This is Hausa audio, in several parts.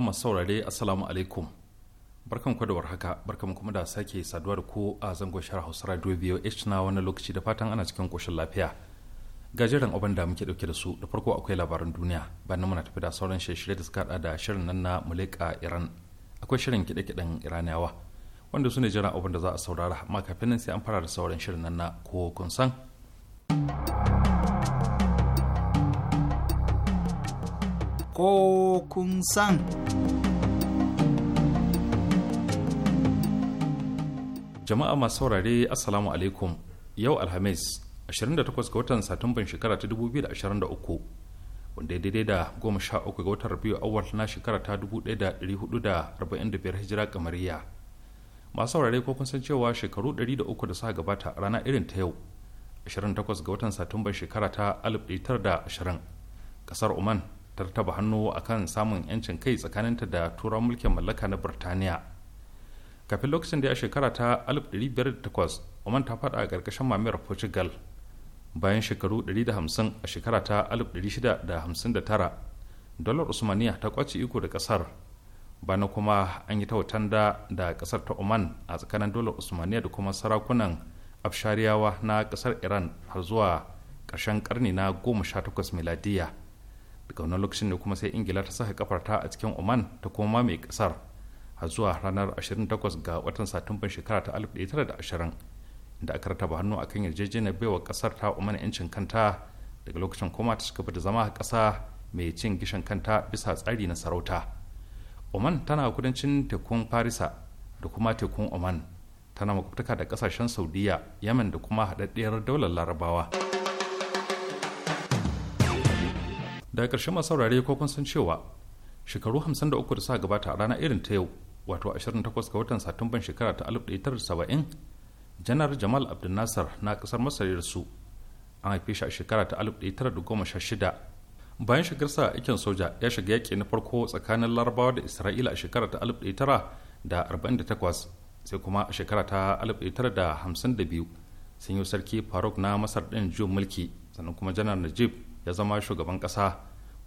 jama'a masu saurare assalamu alaikum barkan ku da warhaka barkan kuma da sake saduwa da ku a zangon shara hausa radio H na wani lokaci da fatan ana cikin koshin lafiya gajeren abin da muke dauke da su da farko akwai labaran duniya bayan muna tafi da sauran shirye shirye da suka hada da shirin nan na mulika iran akwai shirin kiɗe-kiɗen iraniyawa wanda su ne jiran abin da za a saurara amma kafin nan sai an fara da sauran shirin nan na ko kun san ko kun san. Jama'a masu saurare Assalamu alaikum yau Alhamis 28 ga watan Satumban shekara ta 2023 wanda ya daidai da 13 ga watan Rabiu awal na shekara ta 1445 hijira kamariya. Masu saurare ko kun san cewa shekaru 300 da suka gabata rana irin ta yau 28 ga watan Satumban shekara ta 1920 kasar Oman ta taba hannu akan samun 'yancin kai tsakaninta da turawan mulkin mallaka na birtaniya kafin lokacin da ya shekara ta 1508 oman ta fada a ƙarƙashin mamayar portugal bayan shekaru 150 a shekara ta 1659 dalar usmaniya ta kwace iko da ƙasar bana kuma an yi ta da da ƙasar ta oman a tsakanin dalar usmaniya da kuma sarakunan afshariyawa na ƙasar iran har zuwa ƙarshen ƙarni na 18 miladiya daga wannan lokacin ne kuma sai ingila ta saka kafarta a cikin oman ta kuma mai kasar har zuwa ranar 28 ga watan satumban shekara ta 1920 da aka rataba hannu a kan yarjejeniyar baiwa kasar ta oman yancin kanta daga lokacin koma ta shiga da zama kasa mai cin gishin kanta bisa tsari na sarauta oman tana kudancin tekun farisa da kuma tekun oman tana makwabtaka da kasashen saudiya yaman da kuma haɗaɗɗiyar daular larabawa. daga ƙarshen masu saurare ko kun san cewa shekaru 53 da suka gabata a rana irin ta yau wato 28 ga watan satumban shekara ta 1970 janar jamal abdul nasar na ƙasar masar yarsu su an haife shi a shekara ta 1916 bayan shigarsa aikin soja ya shiga yaƙi na farko tsakanin larabawa da isra'ila a shekara ta 1948 sai kuma a shekara ta 1952 sun yi sarki faruk na masar ɗin juyin mulki sannan kuma janar najib ya zama shugaban ƙasa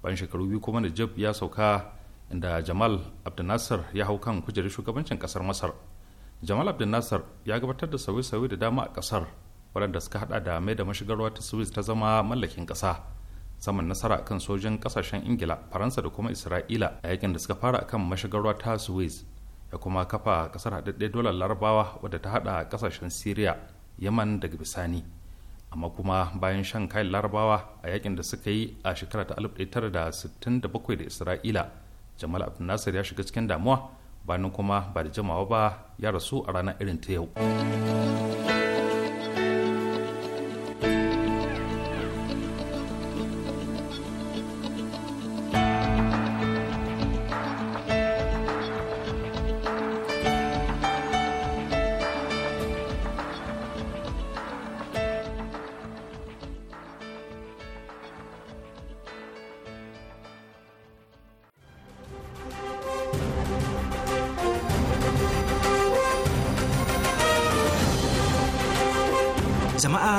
bayan shekaru biyu kuma najib ya sauka inda jamal abdulnasir ya hau kan kujerar shugabancin kasar masar jamal abdulnasir ya gabatar da sauye-sauye da dama a kasar waɗanda suka hada da mai da mashigarwa ta swiss ta zama mallakin ƙasa saman nasara kan sojin ƙasashen ingila faransa da kuma isra'ila a yakin da suka fara kan mashigarwa ta swiss ya kuma kafa kasar haɗaɗɗe dolar larabawa wadda ta hada ƙasashen syria yaman daga bisani amma kuma bayan shan kayan larabawa a yakin da suka yi a shekara ta 1967 da isra'ila jamal abdul ya shiga cikin damuwa bayan kuma ba da jimawa ba ya rasu a ranar irin ta yau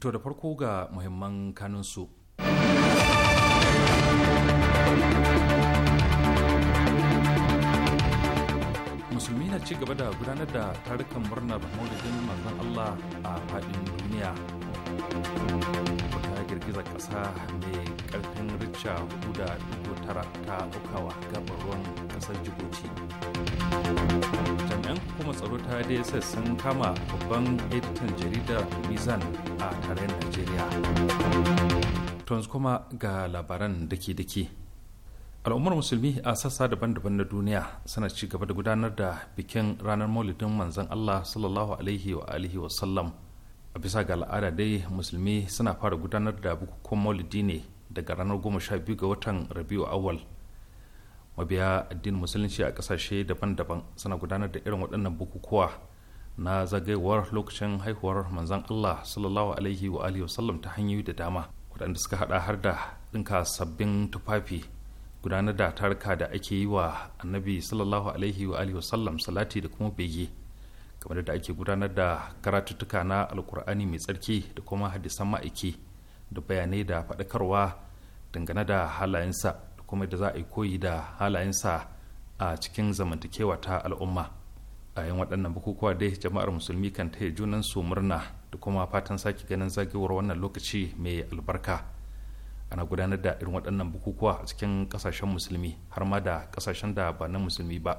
To da farko ga muhimman kanunsu. Musulmi na ci gaba da gudanar da tarukan murnar maulidin manzon Allah a faɗin duniya. ta girgiza ƙasa mai ƙarfin riksha 4.9 ta aukawa gabar ruwan ƙasar jibuti jami'an hukumar tsaro ta dss sun kama babban editan jaridar mizan a tarayyar najeriya tons kuma ga labaran dake-dake al'ummar musulmi a sassa daban-daban na duniya suna ci gaba da gudanar da bikin ranar maulidin manzon allah sallallahu alaihi wa alihi a bisa ga al'ada dai musulmi suna fara gudanar da bukukuwan maulidi ne daga ranar goma sha biyu ga watan rabiu awal mabiya addinin musulunci a kasashe daban-daban suna gudanar da irin waɗannan bukukuwa na zagayewar lokacin haihuwar manzon allah sallallahu alaihi wa alihi wasallam ta hanyoyi da dama waɗanda suka haɗa har da ɗinka sabbin tufafi gudanar da tarka da ake yi wa annabi sallallahu alaihi wa alihi wasallam salati da kuma bege kamar da ake gudanar da karatuttuka na alkur'ani mai tsarki da kuma hadisan ma'aiki da bayanai da faɗakarwa dangane da halayensa da kuma da za a yi koyi da halayensa a cikin zamantakewa ta al'umma a yin waɗannan bukukuwa dai jama'ar musulmi kan taya junan su murna da kuma fatan sake ganin zagayowar wannan lokaci mai albarka ana gudanar da irin waɗannan bukukuwa a cikin ƙasashen musulmi har ma da ƙasashen da ba na musulmi ba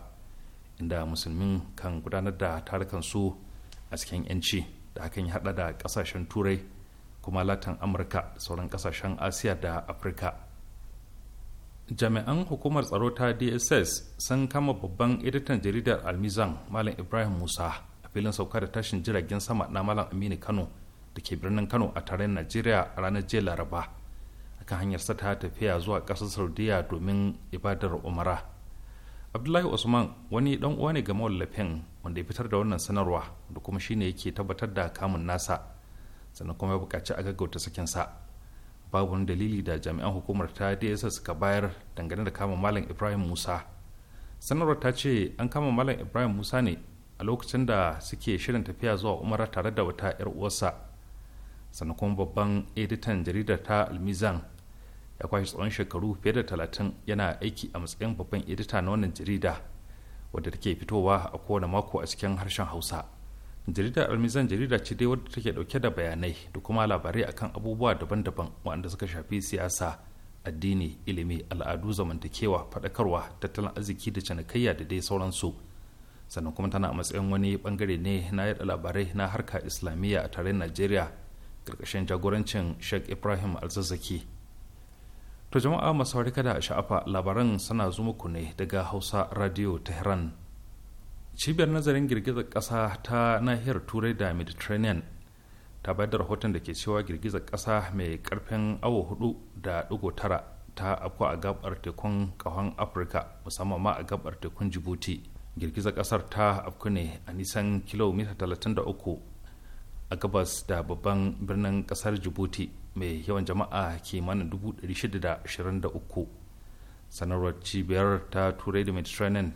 inda musulmin kan gudanar da tarukan su a cikin 'yanci da hakan ya hada da kasashen turai kuma latin amurka da sauran kasashen asiya da afirka jami'an hukumar tsaro ta dss sun kama babban editan jaridar almizan malam ibrahim musa a filin sauka da tashin jiragen sama na malam aminu kano da ke birnin kano a tarayyar najeriya a ranar jiya laraba akan hanyar sata tafiya zuwa ƙasar saudiya domin ibadar umara abdullahi usman wani dan uwa ne ga mawallafin wanda ya fitar da wannan sanarwa da kuma shine yake tabbatar da kamun nasa sannan kuma ya buƙaci a gaggauta sakin sa babu wani dalili da jami'an hukumar ta DSS suka bayar dangane da kama malam Ibrahim Musa sanarwar ta ce an kama malam Ibrahim Musa ne a lokacin da suke shirin tafiya zuwa umara tare da wata 'yar uwarsa sannan kuma babban editan jaridar ta almizan ya kwashe tsawon shekaru fiye da talatin yana aiki a matsayin babban edita na wannan jarida wadda take fitowa a kowane mako a cikin harshen hausa jaridar almizan jarida ce dai wadda take dauke da bayanai da kuma labarai akan abubuwa daban-daban waɗanda suka shafi siyasa addini ilimi al'adu zamantakewa faɗakarwa tattalin arziki da cinikayya da dai sauransu sannan kuma tana a matsayin wani bangare ne na yada labarai na harka islamiyya a tarayyar najeriya karkashin jagorancin sheikh ibrahim alzazzaki To jama'a masu kada da sha'afa labaran suna zo muku ne daga Hausa Radio Tehran. Cibiyar nazarin girgizar ƙasa ta nahiyar Turai da Mediterranean ta bayar da rahoton da ke cewa girgizar ƙasa mai ƙarfin awo hudu da ɗigo tara ta afku a gabar tekun ƙahon Afirka musamman ma a gabar tekun Djibouti. Girgizar ƙasar ta afku ne a nisan kilomita 33 a gabas da babban birnin ƙasar Djibouti mai yawan jama'a ke kimanin 623 sanarwar cibiyar ta turai da mediterranean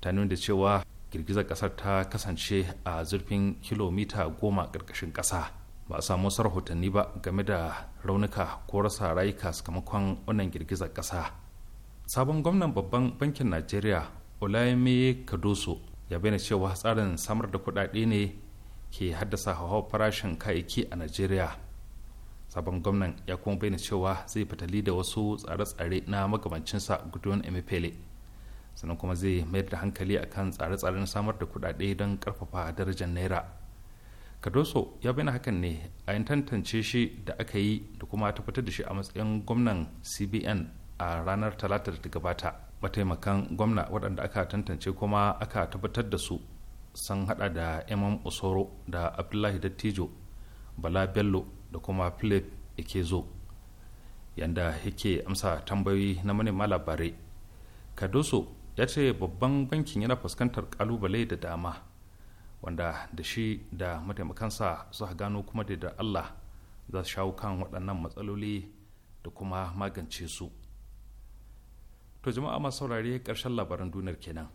ta nuna da cewa girgizar kasar ta kasance a zurfin kilomita goma ƙarƙashin ƙasa ba a samu wasu rahotanni ba game da raunuka ko rasa rayuka sakamakon wannan girgizar ƙasa sabon gwamnan babban bankin najeriya olayemi kadoso ya bayyana cewa tsarin samar da kuɗaɗe ne ke haddasa hauhawar farashin kayayyaki a najeriya sabon gwamnan ya kuma bayyana cewa zai fitali da wasu tsare-tsare na magabancinsa gudun emefele sannan kuma zai mayar da hankali akan tsare-tsaren samar da kudade don karfafa darajar naira kadoso ya bayyana hakan ne a yin tantance shi da aka yi da kuma tabbatar da shi a matsayin gwamnan cbn a ranar talata da ta gabata mataimakan gwamna waɗanda aka tantance kuma aka tabbatar da su sun hada da imam osoro da abdullahi dattijo bala bello da kuma philip ikezo yanda yake amsa tambayoyi na manema labarai kadoso ya ce babban bankin yana fuskantar kalubale da dama wanda da shi da mataimakansa suka gano kuma da allah za su shawo kan waɗannan matsaloli da kuma magance su to jama'a masu saurare ƙarshen labaran duniyar kenan.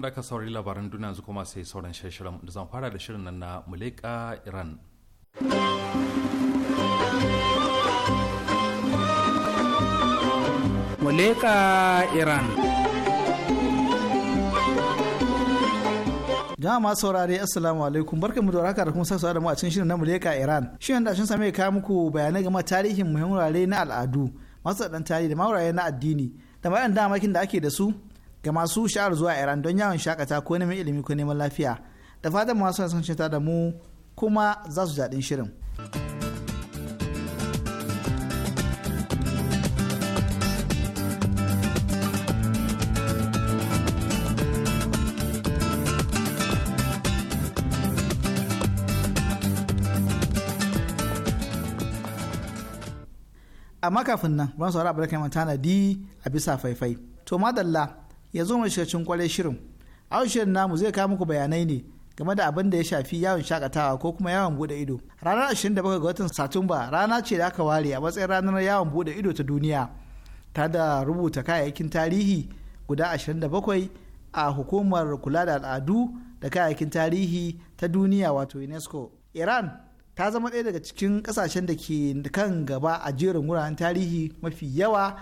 da aka saurari labaran duniya yanzu kuma sai sauran shirin da zan fara da shirin nan na muleka iran muleka iran jama'a masu saurare assalamu alaikum barkan mu da warhaka da kuma sa da mu a cikin shirin na muleka iran shirin da shin same kai muku bayanai game tarihin muhimman wurare na al'adu masu dan tarihi da mawuraye na addini da bayan damakin da ake da su ga masu sha'ar zuwa Iran don yawon shakata ko neman ilimi ko neman lafiya. Da fatan masu sun cita da mu kuma za su jaɗin shirin. amma kafin nan ban saurari abu da kai tanadi a bisa faifai to madalla ya zo mai shirin kwarai shirin aushirin namu zai kawo muku bayanai ne game da abin da ya shafi yawon shakatawa ko kuma yawon bude ido ranar 27 ga watan satumba rana ce da aka ware a matsayin ranar yawon bude ido ta duniya ta da rubuta kayayyakin tarihi guda 27 a hukumar kula da al'adu da kayayyakin tarihi ta duniya wato unesco iran ta zama ɗaya daga cikin ƙasashen da ke kan gaba a jerin wuraren tarihi mafi yawa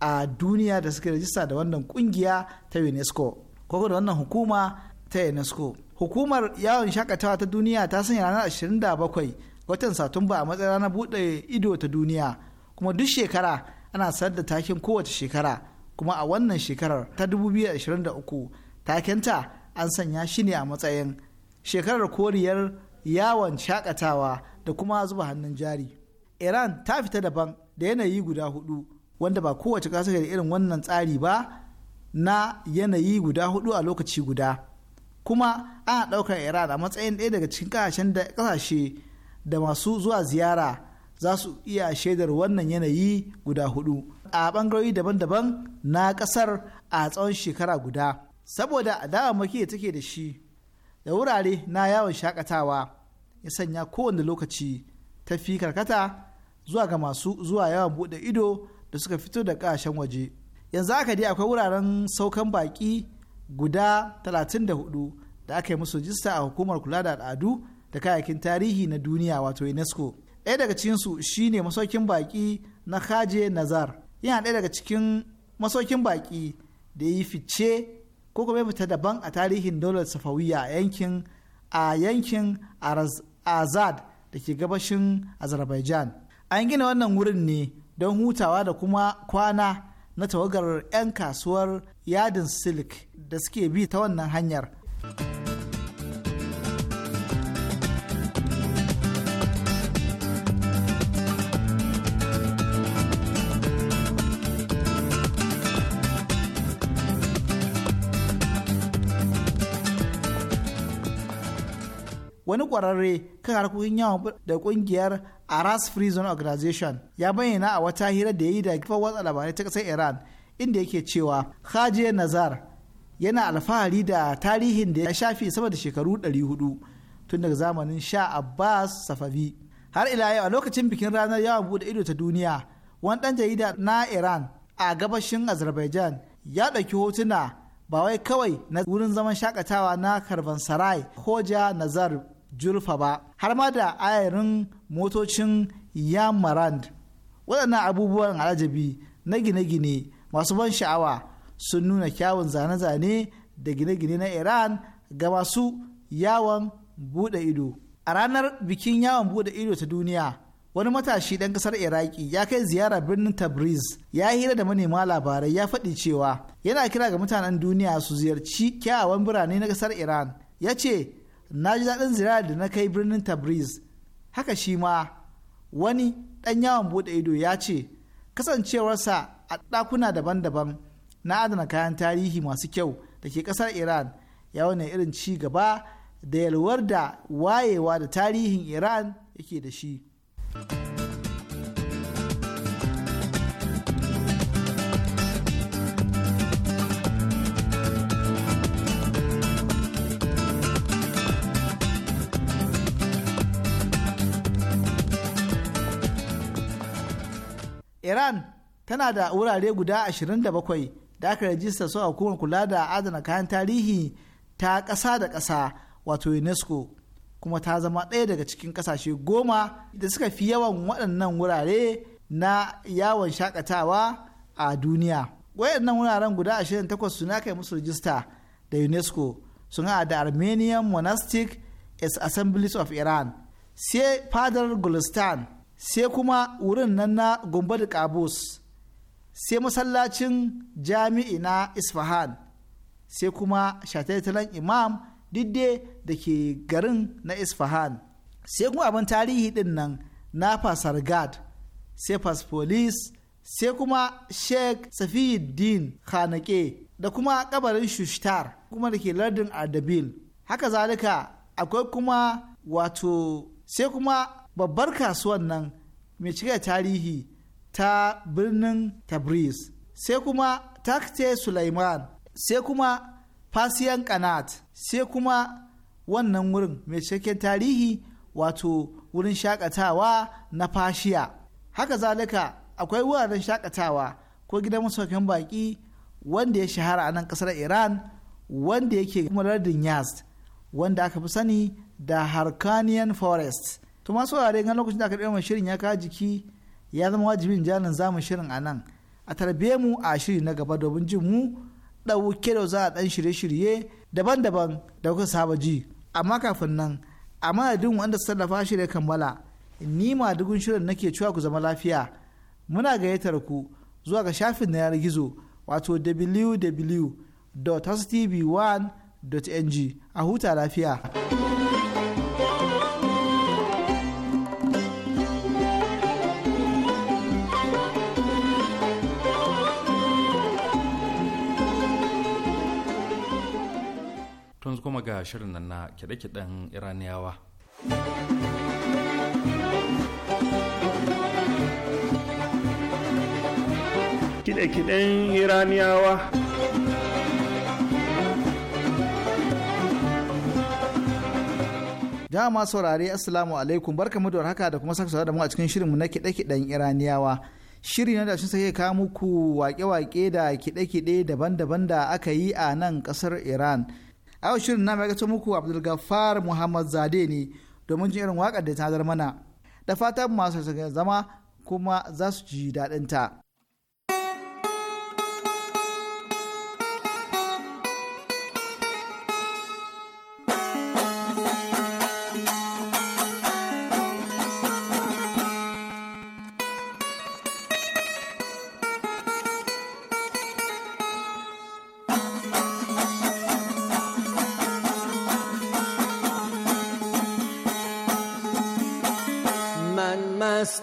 a duniya da suke rajista da wannan kungiya ta unesco ko da wannan hukuma ta unesco hukumar yawon shakatawa ta duniya ta sanya ranar 27 watan satumba a matsayin ranar bude ido ta duniya kuma duk shekara ana sanar da takin kowace shekara kuma a wannan shekarar ta 2023 takenta an sanya shi ne a matsayin shekarar koriyar yawon shakatawa da kuma zuba hannun jari iran ta fita daban da yanayi guda hudu wanda ba kowace kasa da irin wannan tsari ba na yanayi guda hudu a lokaci guda kuma ana ɗaukar iran a matsayin ɗaya daga cikin kasashen da ƙasashe da masu zuwa ziyara za su iya shaidar wannan yanayi guda hudu a ɓangarori daban-daban na ƙasar a tsawon shekara guda saboda maki da take da shi da wurare na yawon shakatawa ya sanya kowane lokaci ta fi karkata zuwa ga masu zuwa yawon buɗe ido da suka fito da kashen waje yanzu haka dai akwai wuraren saukan baki guda 34 da aka yi musu rajista a hukumar kula da al'adu da kayayyakin tarihi na duniya wato unesco ɗaya daga cikinsu shine masaukin baki na haje nazar yana ɗaya daga cikin masaukin baki da ya yi fice ko kuma fita daban a tarihin daular safawiya a yankin a yankin azad da ke gabashin azerbaijan an gina wannan wurin ne don hutawa da kuma kwana na tawagar 'yan kasuwar yadin silk da suke bi ta wannan hanyar. wani kwararre kan harkokin yawon da kungiyar aras free zone organization ya bayyana a wata hira da ya yi da kifar watsa labarai ta kasar iran inda yake cewa hajiya nazar yana alfahari da tarihin da ya shafi sama da shekaru 400 tun daga zamanin sha abbas safavi har ila yau a lokacin bikin ranar yawon bude ido ta duniya wani dan jarida na iran a gabashin azerbaijan ya ɗauki hotuna ba wai kawai na wurin zaman shakatawa na karban sarai hoja nazar julfa ba har ma da ayarin motocin yamarand waɗannan abubuwan alajabi na gine-gine masu ban sha'awa sun nuna kyawun zane-zane da gine-gine na iran ga masu yawon buɗe ido a ranar bikin yawon buɗe ido ta duniya wani matashi ɗan ƙasar iraki ya kai ziyara birnin tabriz ya hira da manema labarai ya faɗi cewa yana kira ga mutanen duniya su ziyarci kyawawan birane na ƙasar iran ya ce na ji daɗin ziyarar da na kai birnin tabriz haka shi ma wani ɗan yawon buɗe ido ya ce kasancewarsa a ɗakuna daban-daban na adana kayan tarihi masu kyau da ke ƙasar iran ya wani irin ci gaba da yalwar da wayewa da tarihin iran yake da shi. iran tana da wurare guda 27 da aka rajista su a hukumar kula da adana kayan tarihi ta ƙasa da ƙasa wato unesco kuma ta zama ɗaya daga cikin ƙasashe goma da suka fi yawan waɗannan wurare na yawon shakatawa a duniya waɗannan wuraren guda 28 suna kai musu rajista da unesco sun haɗa da armenian monastic assemblies of iran sai fadar gulistan sai kuma wurin nan na da kabus sai masallacin jami'i na isfahan sai kuma shataitalan imam didde da ke garin na isfahan sai kuma abin tarihi din nan na fasargad sai fasfolis sai kuma sheikh safiyuddin khanake da kuma kabarin shushtar kuma da ke lardin ardabil haka zalika akwai kuma wato sai kuma babbar kasuwan nan mai cike tarihi ta birnin tabriz sai kuma takte sulaiman sai kuma fasiyan kanat sai kuma wannan wurin mai cikakken tarihi wato wurin shakatawa na fashiya haka zalika akwai wuraren shakatawa ko gidan masaukin baki wanda ya shahara a nan kasar iran wanda yake kuma lardin yazd wanda aka fi sani da harkanian forest to masu wurare ganin lokacin da aka ɗaya shirin ya kawo jiki ya zama wajibin janin zamu shirin a nan a tarbe mu a shiri na gaba domin jin mu ɗauke da za a ɗan shirye-shirye daban-daban da kuka saba ji amma kafin nan a madadin wanda su tallafa shi da kammala ni ma dugun shirin nake cewa ku zama lafiya muna gayyatar ku zuwa ga shafin na yanar gizo wato wwwtv 1ng a huta lafiya. shirin nan na kiɗe-kiɗen iraniyawa kiɗe-kiɗen iraniyawa jama'a saurari assalamu alaikum barkamu da haka da kuma saka da mu a cikin shirinmu na kiɗe-kiɗen iraniyawa shiri na da shi sai kawo muku wake-wake da kiɗe-kiɗe daban-daban da aka yi a nan ƙasar iran a yau shirin na gato muku abdulgafar muhammad zade ne domin jin irin waƙar da ta mana da fatan masu zama kuma za su ji daɗinta.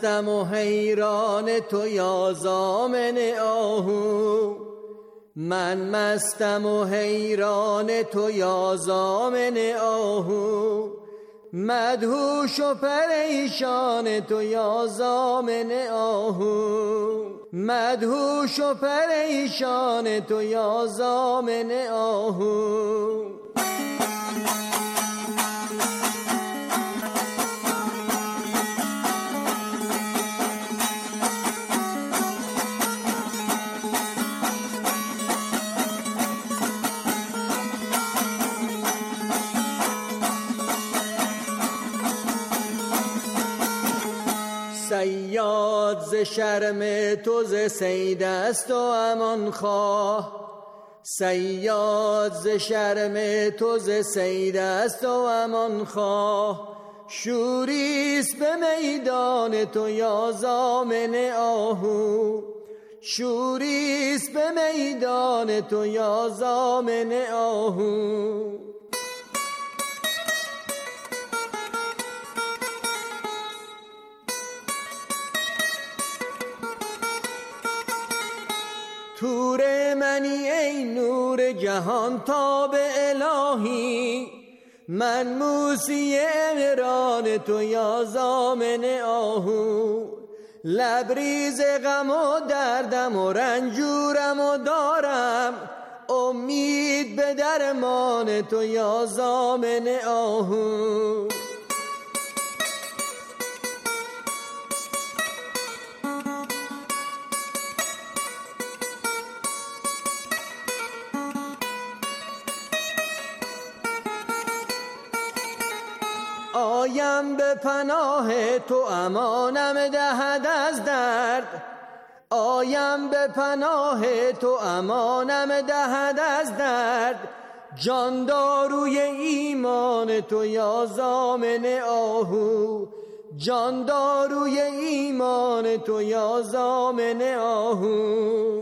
هستم و حیران تو یا زامن آهو من مستم و حیران تو یا زامن آهو مدهوش و پریشان تو یا زامن آهو مدهوش و پریشان تو یا زامن آهو سیاد ز شرم تو ز سید است و امان خواه سیاد ز شرم تو ز سید است و امان خواه شوریست به میدان تو یا زامن آهو شوریس به میدان تو یا زامن آهو تور منی ای نور جهان تاب الهی من موسی امران تو یا زامن آهو لبریز غم و دردم و رنجورم و دارم امید به درمان تو یا زامن آهو پناه تو امانم دهد از درد آیم به پناه تو امانم دهد از درد جان داروی ایمان تو یا زامن آهو جان داروی ایمان تو یا زامن آهو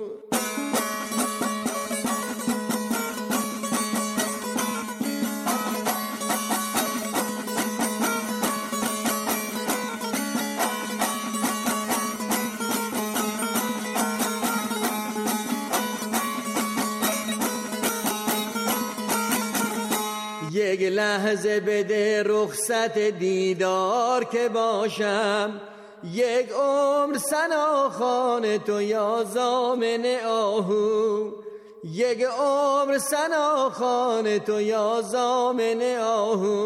لحظه بده رخصت دیدار که باشم یک عمر سناخان تو یا زامن آهو یک عمر سناخان تو یا زامن آهو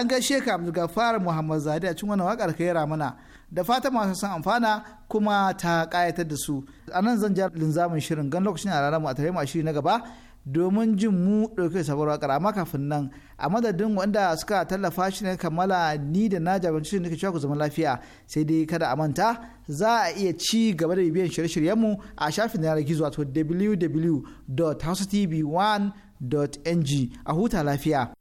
an gaishe ka farin muhammad zade a cikin wannan wakar ka yara mana da fata masu san amfana kuma ta kayatar da su a nan zan ja linzamin shirin gan lokacin a ranar mu a tare mu shiri na gaba domin jin mu ɗauke sabuwar wakar amma kafin nan a madadin wanda suka tallafa shi ne kammala ni da na jabanci shi nake ku zama lafiya sai dai kada a manta za a iya ci gaba da bibiyan shirye-shiryenmu a shafin yanar gizo wato www.housetv1.ng a huta lafiya.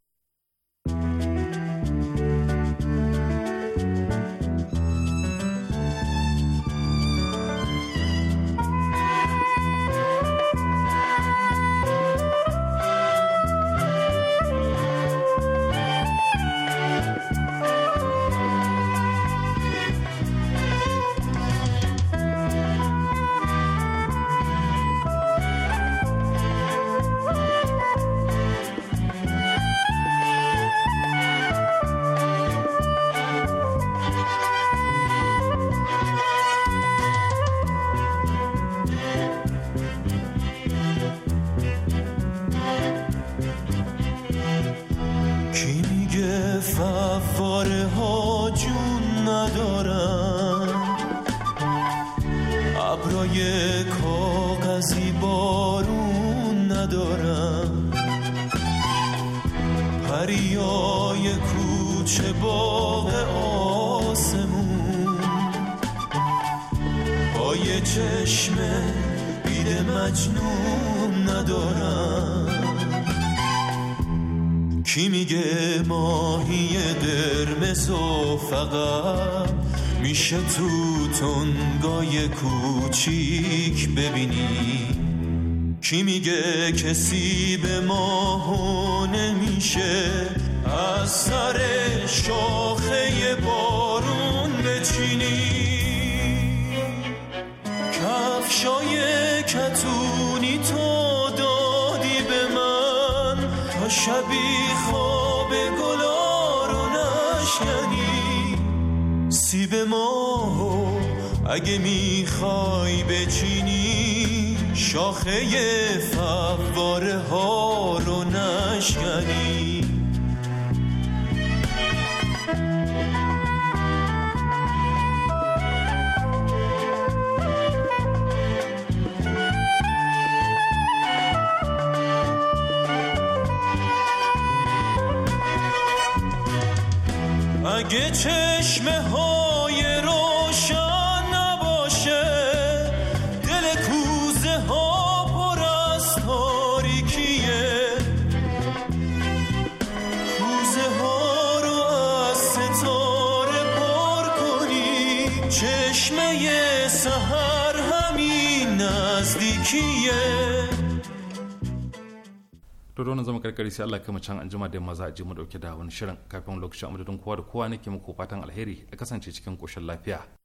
ندارم کی میگه ماهی درمز و فقط میشه تو تنگای کوچیک ببینی کی میگه کسی به ما نمیشه از سر شاخه بارون بچینی کفشای کتون شبی خواب گلا رو نشکنی سیب ماهو اگه میخوای بچینی شاخه فواره ها رو نشکنی اگه چشمه های روشن نباشه دل کوزه ها پر از تاریکیه کوزه ها رو از ستاره پر کنی چشمه سهر همین نزدیکیه to da wannan zama karkari sai Allah kama can anjima da maza a mu dauke da wani shirin kafin lokacin amadadin kowa da kowa nake muku fatan alheri a kasance cikin koshin lafiya